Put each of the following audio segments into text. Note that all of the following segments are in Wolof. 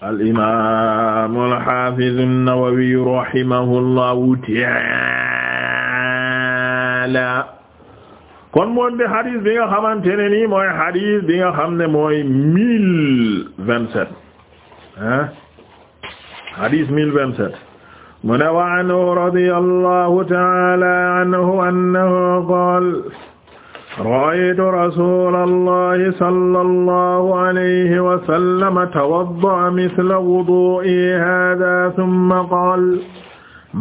al-imaamu al-haafizu an-Nawawi rahimahullahu ta'aala kon moom de hadith bi nga xamante ne nii mooy hadith bi nga xam ne mooy mille vingt sept ah hadith mille vingt sept mu ne wa anhu radiyallahu ta'aala anhu annahu qaala ra'aytu rasuulallahi sallallahu alayhi wa sallam tawadda'a mithla wuduu'i haadaa thumma qaala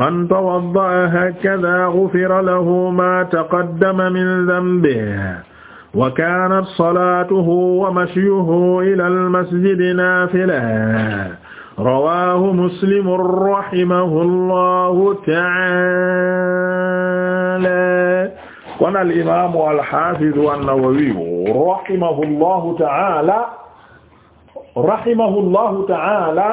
man tawadda'a haakadhaa ghufira lahu maa taqaddama min dhanbihi wa kaanat salaatuhu wa mashyuhu ilal masjidi naafilatan rawaahu muslim rahimahullaahu ta'aala kon al imaamu al xaafidu an-Nawawi rahimahu llahu ta'ala rahimahu llahu ta'ala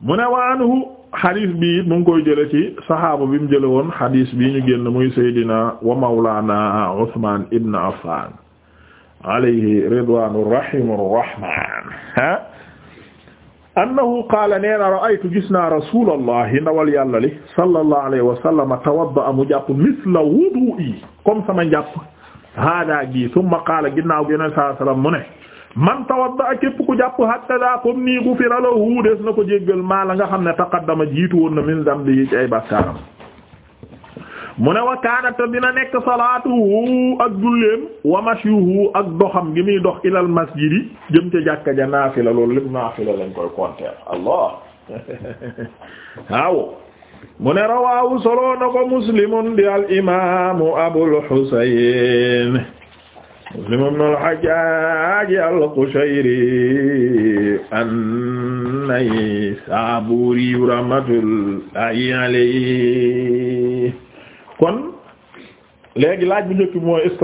mu ne wa anhu xadis bi mu ngi koy jële ci saxaaba bi mu jële woon xadis bi ñu génn muy Seydina wa mawlaana Usmaan ibn Affaan alayhi ridwaanu rahimu rahmaan annahu qaala nee ra'aytu gis naa rasulallahi ndawal yàlla li sallallahu alayhi wa sallam tawadda mu jàpp misla wudu'i comme sama njàpp haadaa gi summa qaala ginnaaw gi yonent mu ne man tawadda képp ku jàpp hatta daa comme gufira lahu des na ko jéggal maa la nga xam ne taqaddama jiitu woon na min dambi ci ay mu ne wa nekk salaatuhu ak wa mashyuhu ak doxam gi muy dox ilal masjidi jëm ca ja naafila loolu lépp naafila lañ koy compter allah waaw mu ne solo na ko muslimun di al imaamu abul husayn muslim ibn hajjaaj al qushayri an-naysaburi rahmatullahi alayhi kon léegi laaj bu njëkk bi mooy est ce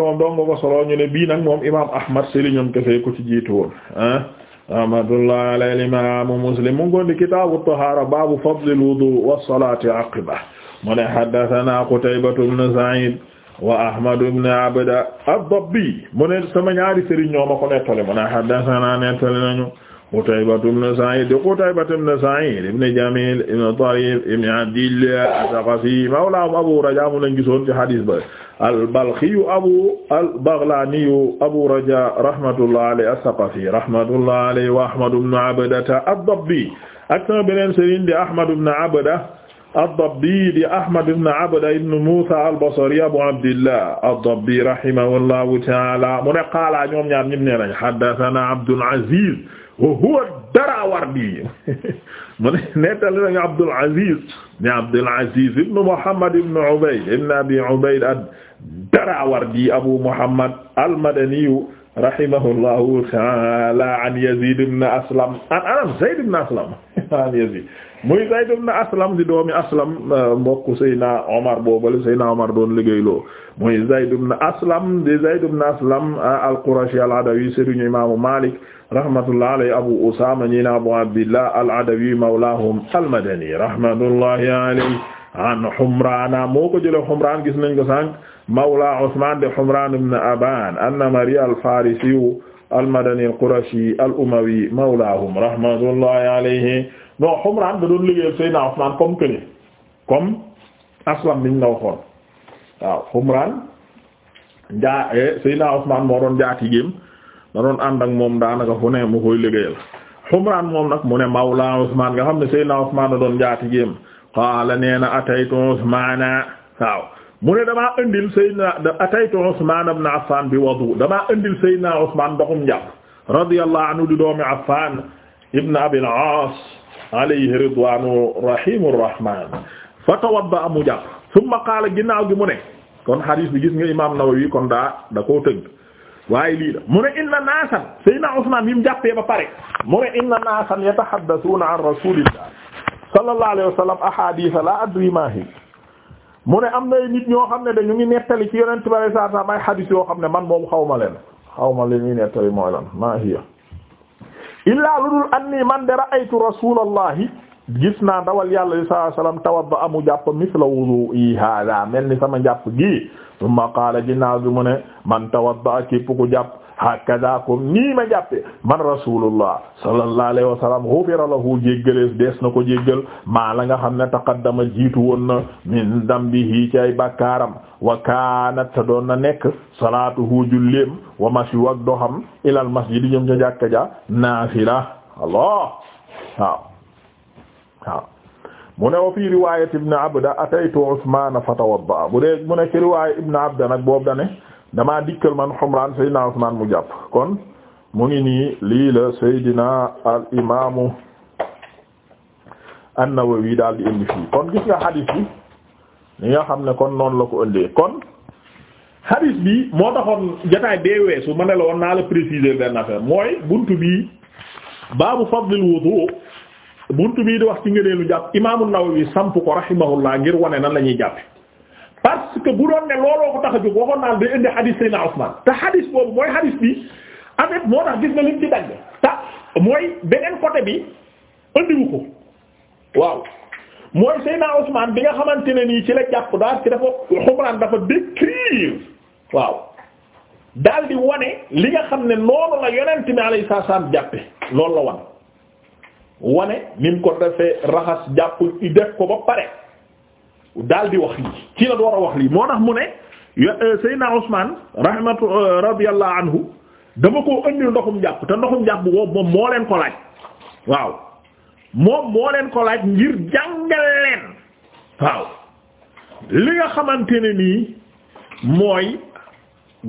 ko solo ñu ne bii nag moom imaam Ahmad sëriñam kese ko ci jiitu woon ah. rahmatullah alayhi imaamu Muslim mu ngi woon di kitaabu baabu fadlil wudu wa salaati aqiba mu ne haddasanaa Qutaybatu ibn Sa'iid wa Ahmadu ibn Abda ad-Dabbi mu ne sama ñaari sëriñ ñoo ma mu ne haddasanaa nettali nañu. Qutaybatu ibn Sa'id Qutaybatu ibn Sa'id ibn Jamil ibn Tarif ibn Abdillah Ath-Thaqafi mawlahum Abu Raja mu lañ gisoon ci hadis ba al-Balkhi Abu al-Baghlani Abu Raja rahmatullahi alayhi Ath-Thaqafi rahmatullahi alayhi wa Ahmad ibn Abdata ad-Dabbi ak sama beneen sëriñ di Ahmad ibn Abda ad-Dabbi di Ahmad ibn Abda ibn Musa al-Basri Abu Abdillah ad-Dabbi rahimahullahu ta'ala mu ne qaala ñoom ñaar ñim ne lañ haddathana Abdul Aziz wa huwa Darawardi mu ne nettali nañu Abdul Aziz ne Abdul Aziz ibn Muhammad ibn Ubayd ibn Abi Ubayd ad-Darawardi Abu Muhammad al-Madani rahimahullahu ta'ala an Yazid ibn Aslam an anam Zayd ibn Aslam an Yazid muy Zayd ibn Aslam di doomi Aslam euh, mbokk Seydina Omar boobale Seydina Omar doon liggéeyloo muy Zayd ibn Aslam di Zayd ibn Aslam euh, al-Qurashi al-Adawi sëriñu imaamu Malik rahmatullahi alayhi Abu Usama ñi na Abu Abdillah al-Adawi mawlahum al-Madani rahmatullahi alayhi an Humrana moo ko jëlee Humran gis nañ ko sànq mawla Usman de Humran ibn Aban anna Mariya al-Farisi al-Madani al-Qurashi al-Umawi mawlahum rahmatullahi alayhi non Humran da doon liggéeyal Seydina aslam niñ la waxoon waaw Humran njaa eh, Seydina Usman moo moom daanaka fu ne mu koy liggéeyal Humran moom nag mu ne mawla Usman nga xam ne Seydina Usman da doon njaatigéem qaala nee ataytu Usmana waaw mu dama damaa indil sayyidina ataytu Usman ibn Affan bi wudu damaa indil sayyidina Usman ndoxum njàpp radiyallahu anhu di doomi Affan ibn Abil Aas alayhi ridwanu rahimur rahman fa tawadda mu jàpp summa qaala ginnaaw gi mu ne kon hadis bi gis nga imam Nawawi kon daa da koo tëgg waaye lii la mu inna naasan sayyidina Usman bi mu jàppee ba pare mu ne inna naasan yatahaddathuna an rasulillah sallallahu alayhi wa sallam ahadith la adri ma mu ne am na nit ñoo xam ne dañu ngi nettali ci yonent bi saa saa may xadis yoo xam ne man moom xaw ma leen xawma ma li ñuy nettali mooy lan maa hiya illaa lu dul anni man de ra'aytu rasulallahi gis naa ndawal yàlla li saa sallam tawadda amu jàpp misla wudu'i hada mel ni sama jàpp gi summa qaala ginnaaw bi mu ne man tawadda képp ku jàpp hakaza comme nii ma jàppe man rasulullah sallallahu alayhi wa lahu jéggalees dees na ko jéggal maa nga xam ne taqaddama jiitu woon na min dambihi ci bakkaaram wa kaanat ta doon nekk salaatuhu julleem wa mashyu ak doxam ilal masjid ñoom ca allah waaw waaw mu ne wa fii riwayat ibn abda ataytu usman fatawadda bu dee mu ne ci ibn abda nag boobu dane damaa dikkal man Humraan Seydina Usmaan mu jàpp kon mu ngi nii lii la Seydina al imaamu An-Nawawi daal di indi fii kon gis nga hadith bi li nga xam ne kon noonu la ko ëndee kon hadith bi moo taxoon jotaay bee weesu ma ne la woon naa la préciser benn affaire mooy bunt bi baabu fadlil wudu buntu bii di wax ci ngëneelu jàpp imaamu Nawawi samp ko rahimahullah ngir wane na la ñuy jàppe parce que bu doon ne looloo ko tax a jóg waxoon naan day indi hadith Seydina Usman te hadith boobu mooy hadith bi en fait moo tax gis na liñ ci dagg te mooy beneen côté bi andiwu ko waaw mooy Seydina Usman bi nga xamante ne nii ci la jàpp daal ci dafa xumraan dafa décrire waaw daal di wane li nga xam ne noonu la yonent bi alayhi salaam jàppe loolu la wan wane ni mu ko defee raxas jàpp i def ko ba pare daal di wax lii ci la door a wax lii moo tax mu ne euh, Seydina Usmaan rahmatu euh, radiyallahu anhu dama koo ëndil ndoxum jàpp te ndoxum jàpp boobu moom moo leen ko laaj waaw moom moo leen ko laaj ngir jàngal leen waaw li nga xamante ne nii mooy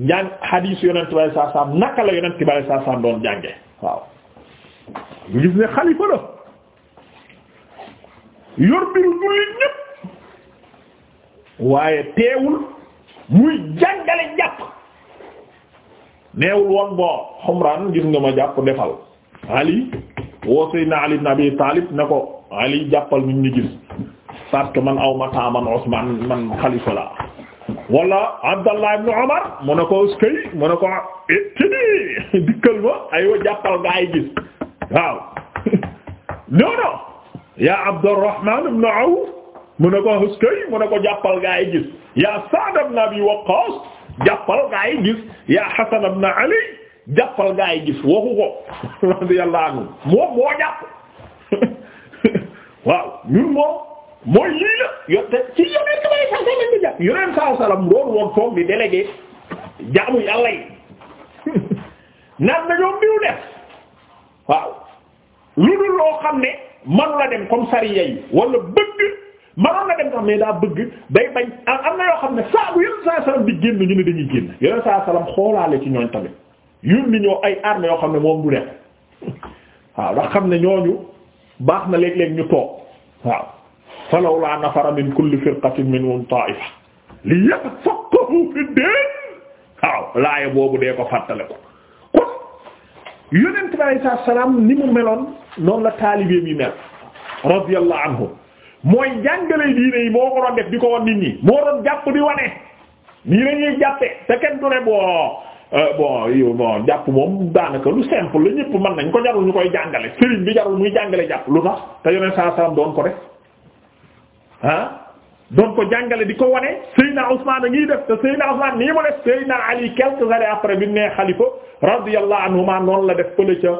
jàng xadiis yonent bi saa naka la yonent bi saa doon jànge waaw gis ne xalifa la yor biru jullit ñépp waaye teewul muy jàngale jàpp neewul woon boo xumraan gis nga ma jàpp defal ali woo Seydina Ali ibn Abi Talib ne ko ali jàppal nit gis parce que man aw man Usman man xalifa la wala Abdallah ibn Umar mu ko uskay mu ne ko étini dikkal ma aywa jàppal nga ay gis waaw non non ya Abdurrahman ibn mu ne ko huskay mu ne ko jàppal gaa yi gis yaa Sa'd ibn Abi Waqqas jàppal gaa yi gis yaa Hasan ibn Ali jàppal gaa yi gis waxu ko moom moo jàpp waaw ñun moom mooy lii la yotte ci yoneen sa bay sasa lañ di jàpp yoneen saa salam doon woon toog di délégué jaamu yàlla yi naan na ñoom biu def waaw lu dul loo xam ne manu la dem comme sariya yi wala bëgg mais ne daa bëgg day bañ am na yoo xam ne saa bu yeneen saa salaam di génn ñu ne dañuy génn yeneen saa salaam xoolaale ci ñooñ tamit yónni ñoo ay armes yoo xam ne moom du def waaw ndax xam ne ñooñu baax na léeg-léeg ñu toog waaw falawlaa nafara min kulli firqatin minhum taa'ifa li yafaqahu fi din waaw laaya boobu dee ko fàttale ko kon yonent bi alayhi salaam ni mu meloon noonu la taalibeem yi mel radiyallahu anhum mooy jàngale diine yi moo ko def di ko won nit ñi moo doon jàpp di wane nii la ñuy jàppe te kenn du ne euh, bon bon yow bon jàpp moom daanaka lu simple la ñëpp mën nañ ko jarul ñu koy jàngale sëriñ bi jarul muy jàngale jàpp lu tax te yoneen saa salaam doon ko def ah doon ko jàngale di ko wane Seydina Ousmane a ngi def te Seydina Ousmane nii mu def Seydina Ali quelques années après bi mu nee xalifa radiyallahu anhuma noonu la def fële ca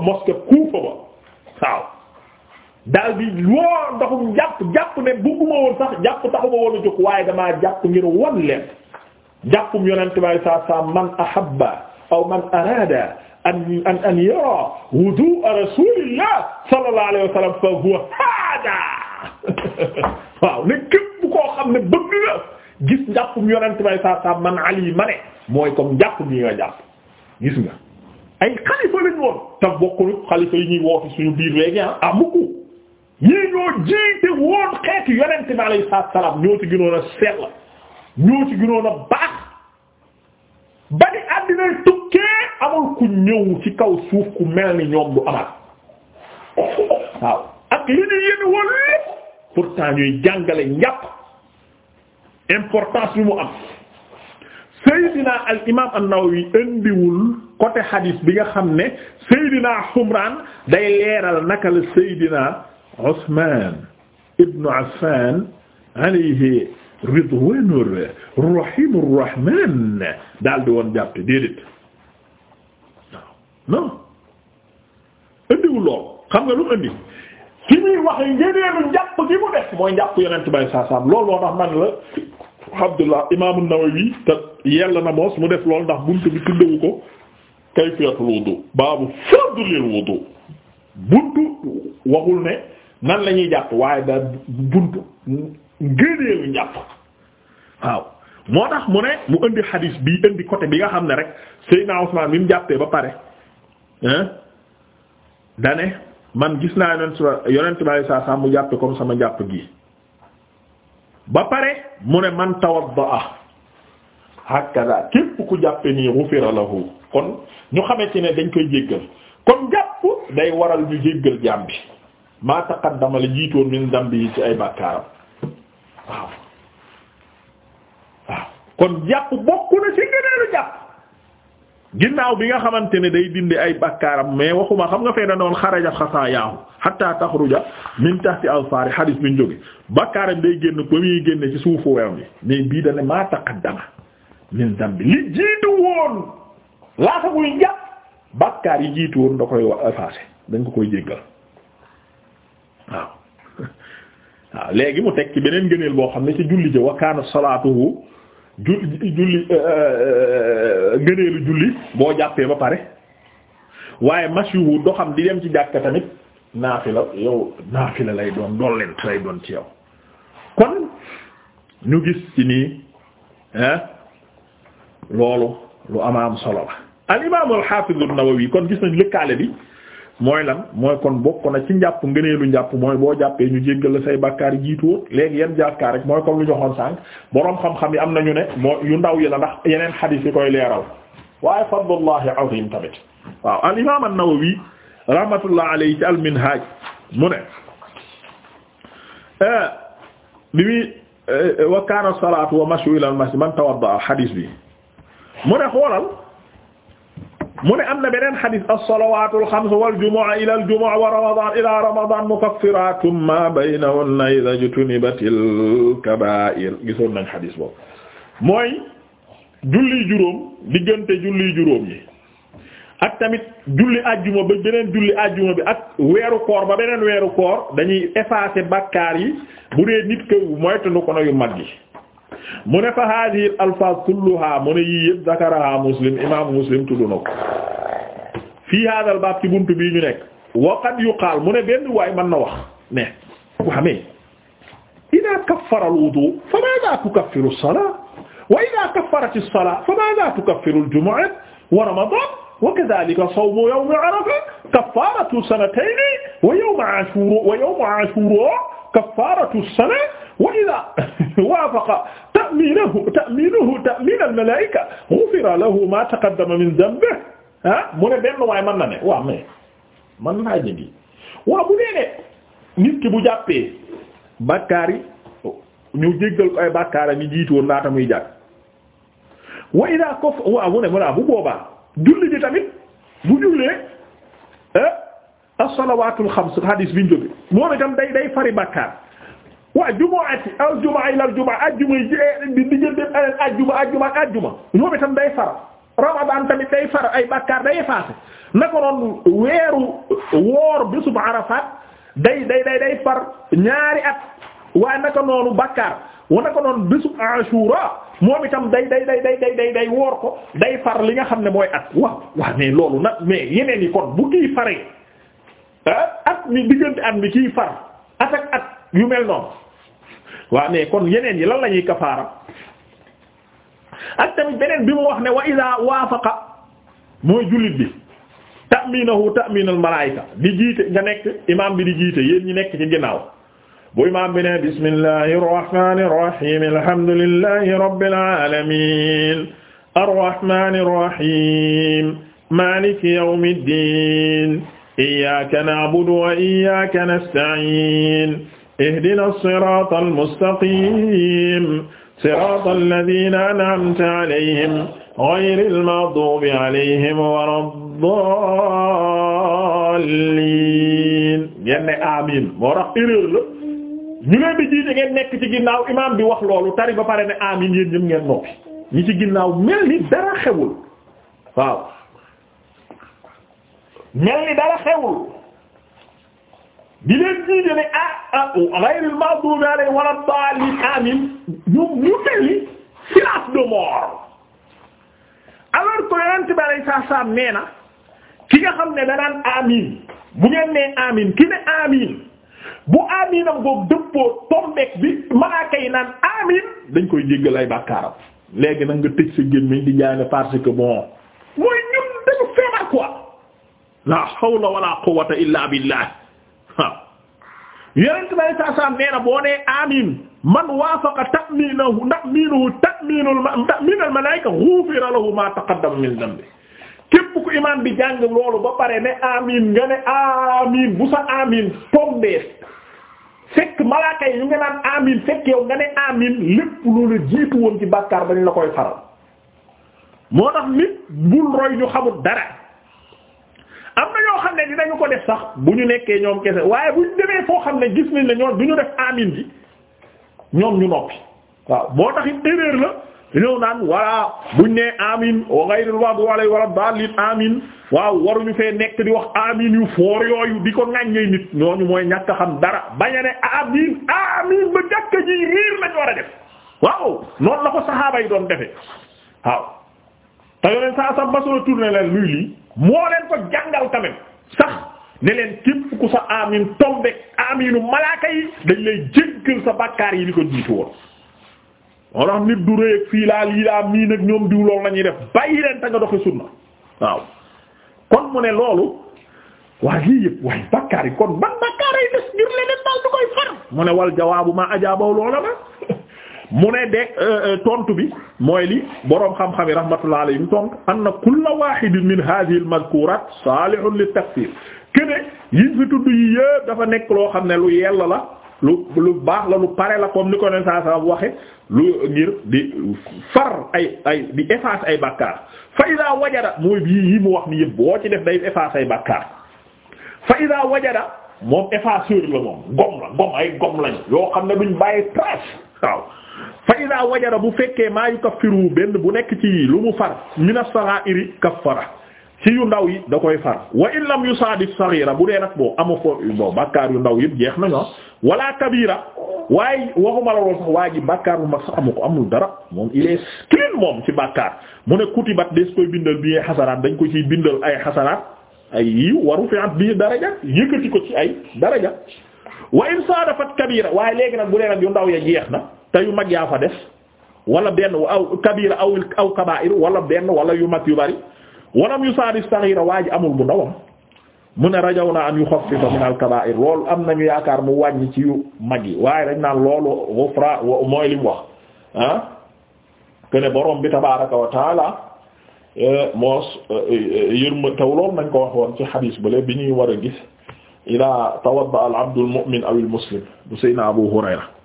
mosquée Kufa ba waaw daal di woo ndoxum jàpp jàpp ne bugguma woon sax jàpp taxuma woon a jóg waaye damaa jàpp ngir wan leen jàppum yonent bi saa saa man ahabba aw man arada an an an yara wudu'a rasulillah sallallahu alayhi wa sallam fa waaw ne képp koo xam ne bëgg la gis njàppum yonent bi saa saa man ali ma ne mooy comme njàpp mi nga jàpp gis nga ay xalifa lañ woon te bokkul xalifa yi ñuy woote suñu biir léegi ah amuku ah, ñii ñoo jiite woon xeeti yonent bi alayhi salaam ñoo ci gënoon a sell ñoo ci gënoon a baax ba ni àddinay tukkee amul ku ñëw ci kaw suuf ku mel ni ñoom du amal waaw ak li ñu yéen woon lépp pourtant ñuy jàngale njàpp importance bi mu am Seydina al imaam indiwul côté hadith bi nga xam ne Seydina Humraan day leeral naka la Seydina. Usmaan ibnu Affaan alayhi ridwaanu rahiimu rahmaan daal di woon jàpp déedéet non indiwul lool xam nga lu indi fi ñuy wax ngeneenu njàpp gi mu def mooy njàpp yonent bay saasaam loolu moo tax man la Abdullah imaamu Nawawi te yell na moos mu def lool ndax buntu bi tuddewu ko kayfiyatul wudu baabu fadlil wudu buntu waxul ne nan la ñuy jàpp waaye da buntu ngëneelu njàpp waaw moo tax mu ne mu indi xadiis bi indi côté bi nga xam ne rek Seydina Usmaan bi mu jàppee ba pare dane man gis naa yonent yonent bi saa saa mu jàppe comme sama jàpp gi ba pare mu ne man tawaddaa hakada képp ku jàpp nii ghufira kon ñu xamante ne dañ koy jéggal kon jàpp day waral ñu jéggal jaam bi maa taqaddama la jiitoon min dambi yi ci ay bàkkaaram waaw waaw kon jàpp bokk na ci gëneelu jàpp ginnaaw bi nga xamante ne day dindi ay bàkkaaram mais waxuma xam nga fee da noon xaraja xasaayaahu hatta taxruja min tahti alfaari hadith bi ñu jóge bàkkaaram day génn ba génne ci suufu wew yi mais bii da ne maa taqaddama min dambi li jiitu woon laata muy jàpp bàkkaar yi jiitu woon da koy effacé dañ ko koy jéggal waaw léegi mu teg ci beneen ngëneel boo xam ne ci julli ja wa kaana salaatuhu julli julli euh, euh, euh, julli boo jàppee ba pare waaye mashyuhu doxam di dem ci jàkka tamit naafila yow naafila lay doon dollent lay doon ci yow kon ñu gis ci nii ah loolu lu am solo la al imaam al xaafiz an-Nawawi kon gis nañ lëkkaale bi mooy lan mooy kon bokk na ci njàpp ngëneelu njàpp mooy boo jàppee ñu jéggal la say bàkkaar yi jiitoo léegi yan jàkkaar rek mooy comme lu joxoon sànq boroom xam-xam yi am na ñu ne moo yu ndaw yi la ndax yeneen xadiis yi koy leeral waaye fadlullahi azim tamit waaw al imam an-Nawawi rahmatullah alayhi ci al-Minhaj mu ne eh, bi muy eh, wa kana salatu wa mashu ila al-masjid man tawadda xadiis bi mu ne xoolal mu ne am na beneen xadis as-salawaatul xams wal jumu'a ila al jumu'a wa ramadan ila ramadan mukaffiratun ma baynahunna idha jtunibatil kabaa'ir gisoon nañ xadis boobu mooy julli juróom diggante julli juróom yi ak tamit julli ajjuma ba beneen julli ajjuma bi ak weeru koor ba beneen weeru koor dañuy effacer bakkaar yi bu dee nit ko moytu nu ko na yu mag yi mu ne fa hadihi alfaaz kulluha mu ne yii yëpp zakaraha muslim imaamu muslim tudd na ko fii hadal baab ci buntu bii ñu nekk wa qad yuqaal mu ne benn waay mën na wax ne waxamee ida kaffara alwudu fa maada tukaffiru alsalaa wa ida kaffarat alsalaa fa maada tukaffiru aljumu'a wa ramadan wa kadhalika sawmu yawmi arafa kaffaratu sanatayni wa yawmu ashura wa yawmu ashura kaffaratu sana wa idha waafaqa ta'minuhu ta'minuhu ta'min al-mala'ika ghufira lahu ma taqaddama min dhanbihi ah mu ne benn waay mën na ne waaw mais mën naa jëndi waaw bu dee ne nit ki bu jàppee bàkkaar yi ñu jéggal ko ay bàkkaar yi jiitu woon laata muy jàpp wa idha kof waaw mu ne mu ne bu boobaa. julli ji tamit bu jullee eh, as-salawaatul xams hadis bi ñu jógee moom itam day day fari bàkkaar waa jumaati al jumaa ila al jumaa ajjuma yi eh, di diggante alal ajjuma ajjuma day far Ramadan tamit day far ay bàkkaar day effacé naka noonu weeru woor bésub Arafat day day day far ñaari at wa naka noonu wana ko noon bésub ashura moom itam day day day day day day woor ko day far li nga xam ne mooy at waaw waaw mais loolu nag mais yeneen yi kon bu kii faree ah, at mi diggante at mi kii far at ak at yu mel noonu waaw mais kon yeneen yi lan la ñuy kafaara ak tamit beneen bi mu wax ne wa iza waafaqa mooy jullit bi ta'minahu ta'minal malaayika di jiite nga nekk imaam bi di jiite yéen ñi nekk ci ginnaaw bu imaam bi ne bismillahir rahmanir rahim alhamdulillahi rabbil alamin arrahmanir rahim maliki yawmiddin iyyaka na'budu wa iyyaka nasta'in ihdinas siratal mustaqim siratal ladina an'amta alayhim ghayril maghdubi alayhim waladdallin. Yenn amiin moo tax erreur la. ñu leen di jiite ngeen nekk ci ginnaaw imaam bi wax loolu tari ba pare ne amin yéen ñëpp ngeen noppi ñi ci ginnaaw mel ni dara xewul waaw mel ni dara xewul di leen jiite ne ah ah oh, ghayril maghdubi alayhim wala daalliin amin ñu ñu mel ni silence de mort alors que yonent bi alayhi nee na ki nga xam ne danaan amin bu ngeen nee amin ki ne amin bu aminam boobu dëppoo tombeek bi malaaka yi dañ koy jéggal ay bàkkaaram léegi nag nga tëj sa gémmiñ di jaay ne parce que bon mooy ñun dañu feebar quoi la hawla wala quwwata illa billah waaw yonent bi saa saa boo nee amin man waafaqa ta'miinahu ta'miinahu ta'miinal malaa'ika ghufira lahu ma taqaddama min dhanbi képp ku imaam bi jàng loolu ba pare ne amin nga ne amin bu sa amin tombee fekk malaaka yi ñu nga naan amin fekk yow nga ne amin lépp lu la jiitu woon ci bàkkaar dañ la koy faral moo tax nit bul roy ñu xamul dara am na ñoo xam ne dinañu ko def sax bu ñu nekkee ñoom kese waaye bu ñu demee foo xam ne gis nañ ne ñoom du ñu def amin bi ñoom ñu noppi waaw moo tax it la ñëw naan voilà buñ nee amin wa ghayril maghdubi alayhim wa laddaalliin amin waaw waruñu fee nekk di wax amin yu foor yooyu di ko ŋàññee nit ñooñu mooy ñàkk xam dara bañ ne amin amin ba jàkka ji riir lañ war a def waaw noonu la ko saxaaba yi doon defe waaw tamit sax ne leen képp ku sa amin tombe aminu malaaka yi dañ lay jéggal sa bàkkaar yi li ko jiitu woon moo tax nit du rëy ak fii laa lii laa mii nag ñoom diw loolu la ñuy def bàyyi leen ta nga sunna waaw kon mu ne loolu waa lii yëpp waaye bakkaar yi kon ban bakkaar yi des ngir leneen daal du koy far mu ne wal jawaabu ma ajaabaw loola ma mu ne de euh, euh, tontu bi mooy li boroom xam-xam yi rahmatullah alayhim tontu na kulla wahidin min hadhihi al madhkurat salihun lit takfir kene fi tudd yi yëpp dafa nekk loo xam ne lu yell la lu lu baax la lu pare la comme ni ko nen saa saa waxe lu ngir di far ay ay di effacer ay bàkkaar fa ida wajada mooy bii yi mu wax ni yëpp boo ci def day effacer ay bàkkaar fa ida wajada moom effaceur la moom gom la gom ay gom lañu yoo xam ne duñ bàyyi trace waaw fa ida bu fekkee maa yukaffiru benn bu nekk ci lu mu far mina sagha'iri kaffara ci yu ndaw yi da koy far wa in yu yusaadif saghira bu dee nag boo amu fo bon bàkkaar yu ndaw yëpp jeex nañu wala kabira waaye waxuma la lool sax waa ji bàkkaar bu mag sax amu ko amul dara moom il est moom ci bàkkaar mu ne kutibat des koy bindal bi xasanaat dañ ko ciy bindal ay xasanaat ay yiw waru fi at bii daraja yëkkati ko ci ay daraja wa in saadafat kabira waaye léegi nag bu dee nag yu ndaw ya jeex na te yu mag yaa fa def wala benn aw wala benn wala yu mag yu bari walam yu saadis saxiira waa ji amul bu ndawam mu ne rajaw naa an yuxaffifa min al-kabaa'ir am nañu yaakaar mu wàññi ci yu mag yi waaye dañ naan loolu ghufra mooy lim wax ah que borom bi tabaaraka wa taala eh, moos eh, eh, yërma taw loolu nañ ko wax woon ci xadiis bële bi ñuy war a gis ila tawadda al abdu al mu'min muslim bu Abu Hurayra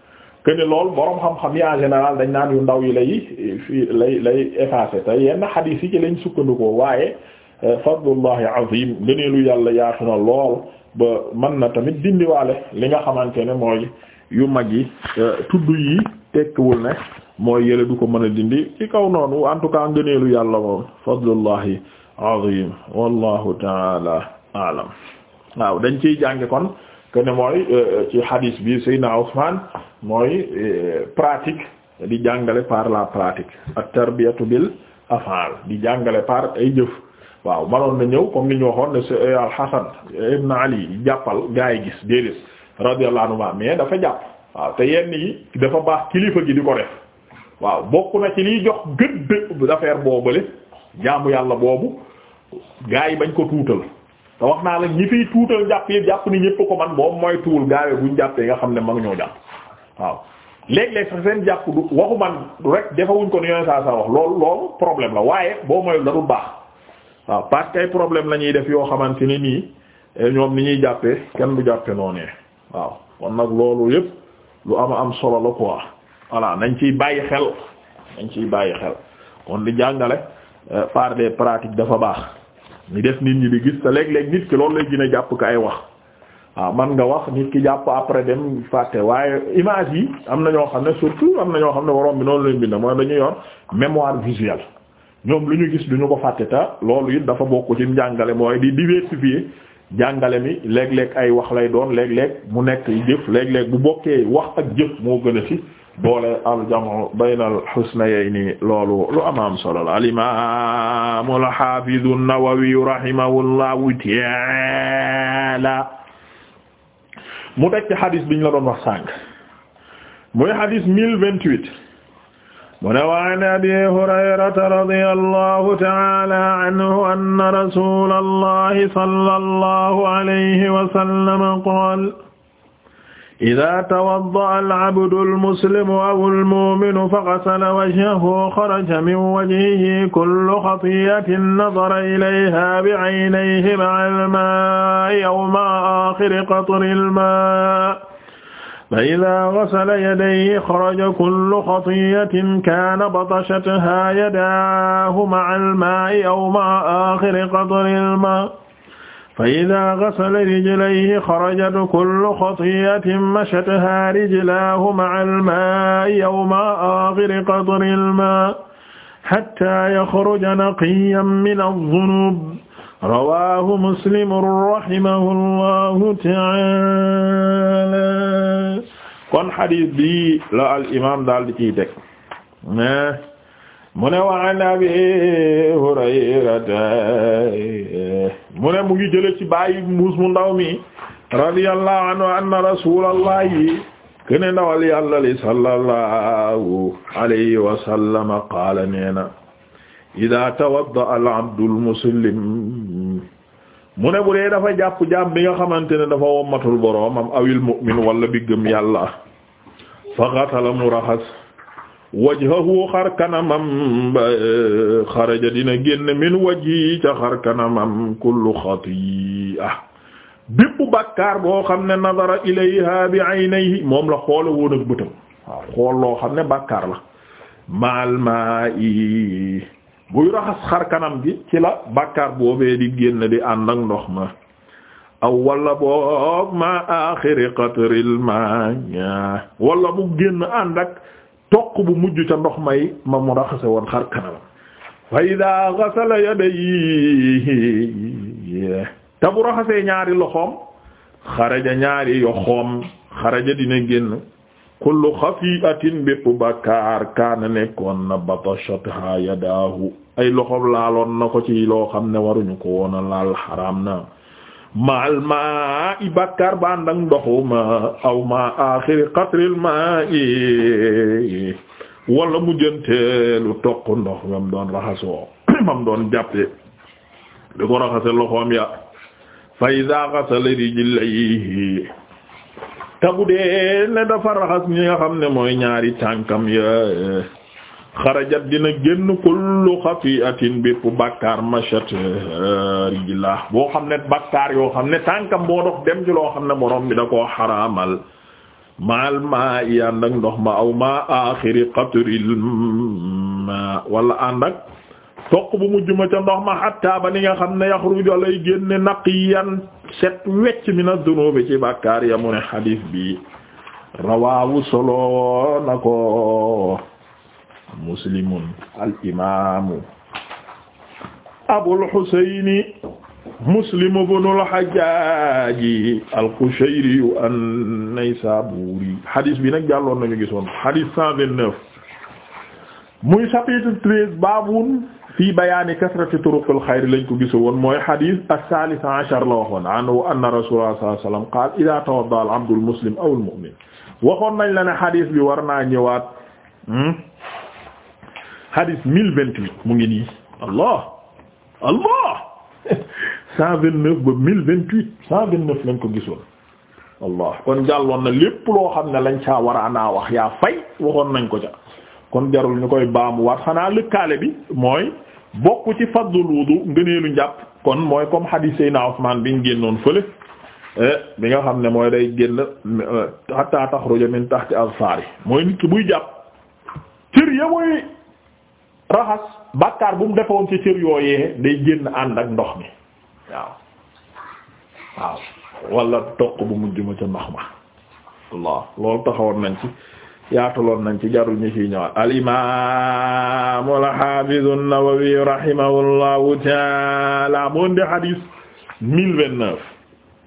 que ne loolu xam-xam yi général dañ naan yu ndaw yi lay fii lay lay effacé te yenn xadiis yi ci lañ sukkandikoo waaye eh, fadlullahi azim gëneelu yàlla yaatu na lool ba man na tamit dindi dindiwaale li nga xamante ne mooy yu mag yi eh, tudd yi tekkiwul ne mooy yële du ko mën a dindi ci kaw noonu en tout cas ngëneelu yàlla moom fadlullahi azim wallahu taala alam waaw dañ ciy jànge kon que ne mooy eh, ci xadiis bi Seydina Usmaan mooy euh, pratique di jàngale par la pratique ak tarbiyatu bill afal di jàngale par ay jëf waaw manoon na ñëw comme ni ñu waxoon ne se euh, al Hasan ibn Ali jàppal gaa yi gis déedéet radiyallahu anhu mais dafa jàpp waaw te yenn yi dafa baax kilifa gi di ko def waaw bokk na ci liy jox gëdd affaire boobale jaamu yàlla boobu gaa yi bañ ko tuutal te wax naa la ñi fiy tuutal jàpp yëpp jàpp ni ñëpp ko man moom mooy tuul gaa yi buñ jàppee nga xam ne mag ñoo jàpp waaw léeg-léeg sax seen jàpp du waxu man rek defawuñ ko ni yoneen saa saa wax loolu loolu problème la waaye boo moyul darul baax waaw parce que ay problème la ñuy def yoo xamante ne nii eh, ñoom ni ñuy jàppee kenn du jàppe noonee waaw kon nag loolu yépp lu ama am solo la quoi voilà nañ ciy bàyyi xel nañ ciy bàyyi xel kon di jàngale eh, par des pratiques dafa baax ñu def nit ñi di gis te léeg-léeg nit ki loolu lay gën a jàpp ko ay wax waaw man nga wax nit ki jàpp après dem fàtte waaye image yi am na ñoo xam ne surtout am na ñoo xam ne waroon bi noonu lañ bind mooy dañu yor mémoire visuelle ñoom lu ñu gis du ñu ko fàtte ta loolu it dafa bokk ci njàngale mooy di diversifier jàngale mi léeg-léeg ay wax lay doon léeg-léeg mu nekk jëf léeg-léeg bu bokkee wax ak jëf moo gën a fi boole al jamu bayna al nii loolu lu amaam solo la al imaam al haafiz an-Nawawi rahimahullahu ta'ala mu teg ci xadis bi ñu la doon wax sànq muy xadis mille vingt-huit mu ne wa an abi hurayrata radiyallahu ta'ala anhu anna rasulallahi sallallahu alayhi wa sallam qaala ida tawadda'a al-'abdu al-muslimu aw al-mu'minu faghasala wajhahu kharaja min wajhihi kullu khati'atin nadhara ilayha bi'aynayhi ma'a al-maa'i aw ma'a aakhiri qatri al-maa' فإذا غسل يديه خرج كل خطية كان بطشتها يداه مع الماء أو مع آخر قطر الماء fa ida gasala rijlayhi xarajat kullu xatiyatin mashathaa rijlaahu ma'a al-maa'i yawma aaxiri qatri al-maa'i hattaa yaxruja naqiyyan mina az-zunuub rawaahu muslim rahimahu llaahu ta'aalaa kon xadiis bi la al imaam daal di ciy teg mu ne wa an Abii Hurayrata mu ne mu ngi jële ci bàyyi muus mu ndaw mi radiyallahu anhu anna rasulallahi kene ndawal yàlla li sallallahu alayhi wa sallam qaala neena ida tawadda al abdul muslim mu ne bu dee dafa jàpp jaam bi nga xamante ne dafa wommatul boroomam awil mu'min wala bi gëm yàlla fa mu raxas wajhahu xar kanamam ba xaraja dina génn min wajhi ca xar kanamam kullu xati'a bépp bàkkaar boo xam ne nadara ilayha bi aynayhi moom la xoole woon ak bëtam waaw xool loo xam ne bàkkaar la maal maa i buy raxas xar kanam gi ci la bàkkaar boobee di génn di ànd ak ndox ma aw wala boog ma axiri qatril ma wala bu génn ànd ak toq bu mujj ca ndox may ma mu raxase woon xar kanam fa ida ghasala yadayhi te bu raxasee ñaari loxoom xaraja ñaari yoxoom xaraja dina génn kullu xafiatin bépp bàkkaar kaana nekkoon na batashatha yadaahu ay loxoom laaloon na ko ci loo xam ne waruñu ko woon laal xaraam na maal ma i bakkar ba ànd ak aw ma axiri qatril ma i wala mujjanteelu toq ndox mam doon raxasoo mam doon jàppe di ko raxase loxoom ya fa iza ghasala rijlayhi tabu dee ne dafa raxas ñi nga xam ne mooy ñaari tànkam ya xarajat dina génn kullu xati'atin bépp bàkkaar mashat euh, rijlah boo xam ne bàkkaar yoo xam ne tànkam boo dox dem ci loo xam ne borom bi da koo xaraamal maal maa i ànd ak ndox ma aw ma axiri qatril ma wala ànd ak toq bu mujj ma ca ndox ma hatta ba ni nga xam ne yaxruju lay génne naqiyan set wecc min ad-dunubi ci bàkkaar ya mu ne xadiis bi rawaawu solo na ko muslimun al imaamu abul xusayni muslim ibnu al hajjaaji al qushayri an-naysaabuuri xadis bi nag jàlloon nañu gisoon xadis cent vingt neuf muy chapitre treize baabun fii bayaani kasrati turuqil xayri lañ ko gisu woon mooy xadis as-saalis ashar la waxoon anhu anna rasuulullaah sallallaahu alayhi wa sallam qaala idaa tawadda'a al-abdu al-muslim aw al-mu'min waxoon nañ la ne xadis bi war naa ñëwaat hmm? hadith mille vingt huit mu ngi nii allah allah cent vingt neuf ba mille vingt huit cent vingt neuf lañ ko gisoon allah kon jàlloon na lépp loo xam ne lañ caa war a naa wax yaa fay waxoon nañ ko ca kon jarul ñu koy baamuwaat xanaa lëkkaale bi mooy bokk ci fadlul wudu ngëneelu njàpp kon mooy comme hadith sayna Usman biñ génnoon fële eh, bi nga xam ne mooy day génn eh, hatta taxruja min tahti azfari mooy nit ki buy jàpp cër ya mooy raxas bàkkaar bu mu defoon ci cër yooyee day génn ànd ak ndox mi waaw waaw wala toq bu mujj ma ca ndox ma Allah loolu taxawoon nañ ci yaataloon nañ ci jarul ñu ciy ñëwaat al imam al hafiz an-Nawawi rahimahullahu ta'ala moon di hadith